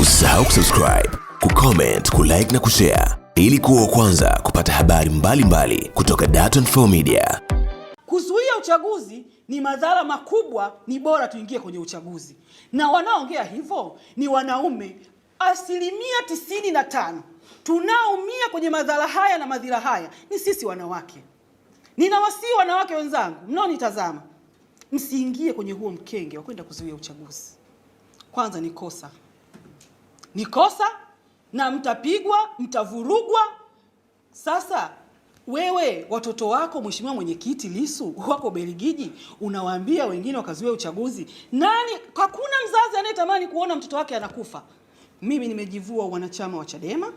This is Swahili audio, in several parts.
Usisahau kusubscribe, kucomment, kulike na kushare ili kuwa kwanza kupata habari mbalimbali mbali kutoka Dar24 Media. Kuzuia uchaguzi ni madhara makubwa, ni bora tuingie kwenye uchaguzi. Na wanaongea hivyo ni wanaume asilimia tisini na tano. Tunaoumia kwenye madhara haya na madhira haya ni sisi wanawake. Ninawasihi wanawake wenzangu mnaonitazama, msiingie kwenye huo mkenge wa kwenda kuzuia uchaguzi. Kwanza ni kosa ni kosa na mtapigwa, mtavurugwa. Sasa wewe watoto wako Mheshimiwa Mwenyekiti Lisu wako Beligiji, unawaambia wengine wakazuia uchaguzi. Nani? Hakuna mzazi anayetamani kuona mtoto wake anakufa. Mimi nimejivua wanachama wa Chadema,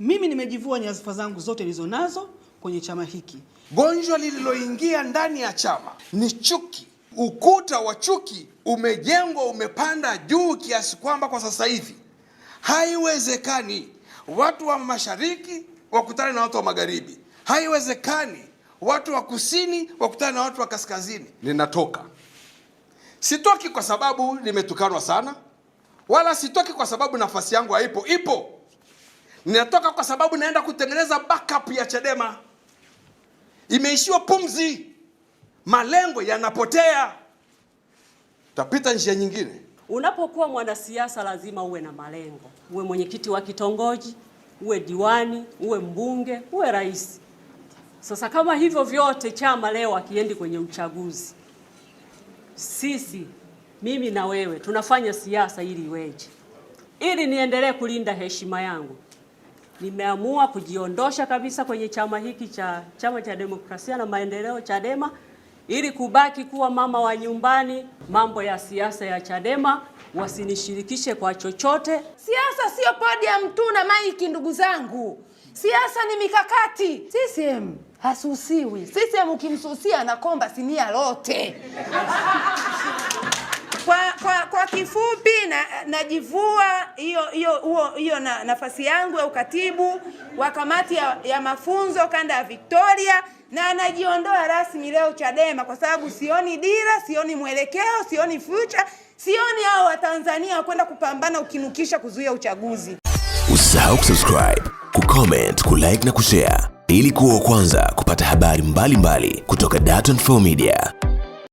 mimi nimejivua nyadhifa zangu zote nilizo nazo kwenye chama hiki. Gonjwa lililoingia ndani ya chama ni chuki. Ukuta wa chuki umejengwa, umepanda juu kiasi kwamba kwa sasa hivi Haiwezekani watu wa mashariki wakutane na watu wa magharibi, haiwezekani watu wa kusini wakutane na watu wa kaskazini. Ninatoka, sitoki kwa sababu nimetukanwa sana, wala sitoki kwa sababu nafasi yangu haipo, ipo. Ninatoka kwa sababu naenda kutengeneza backup ya Chadema. Imeishiwa pumzi, malengo yanapotea, tapita njia nyingine Unapokuwa mwanasiasa lazima uwe na malengo, uwe mwenyekiti wa kitongoji, uwe diwani, uwe mbunge, uwe rais. Sasa kama hivyo vyote chama leo akiendi kwenye uchaguzi, sisi mimi na wewe tunafanya siasa ili iweje? Ili niendelee kulinda heshima yangu, nimeamua kujiondosha kabisa kwenye chama hiki cha Chama cha Demokrasia na Maendeleo, Chadema ili kubaki kuwa mama wa nyumbani. Mambo ya siasa ya Chadema wasinishirikishe kwa chochote. Siasa sio podi ya mtuna maiki, ndugu zangu. Siasa ni mikakati. CCM hasusiwi. CCM ukimsusia anakomba sinia lote kifupi, najivua hiyo hiyo hiyo na, nafasi yangu ya ukatibu wa kamati ya, ya mafunzo kanda ya Victoria na najiondoa rasmi leo Chadema kwa sababu sioni dira, sioni mwelekeo, sioni future, sioni hao Watanzania kwenda kupambana ukinukisha kuzuia uchaguzi. Usisahau kusubscribe, kucomment, kulike na kushare ili kuwa wa kwanza kupata habari mbalimbali mbali kutoka Dar24 Media.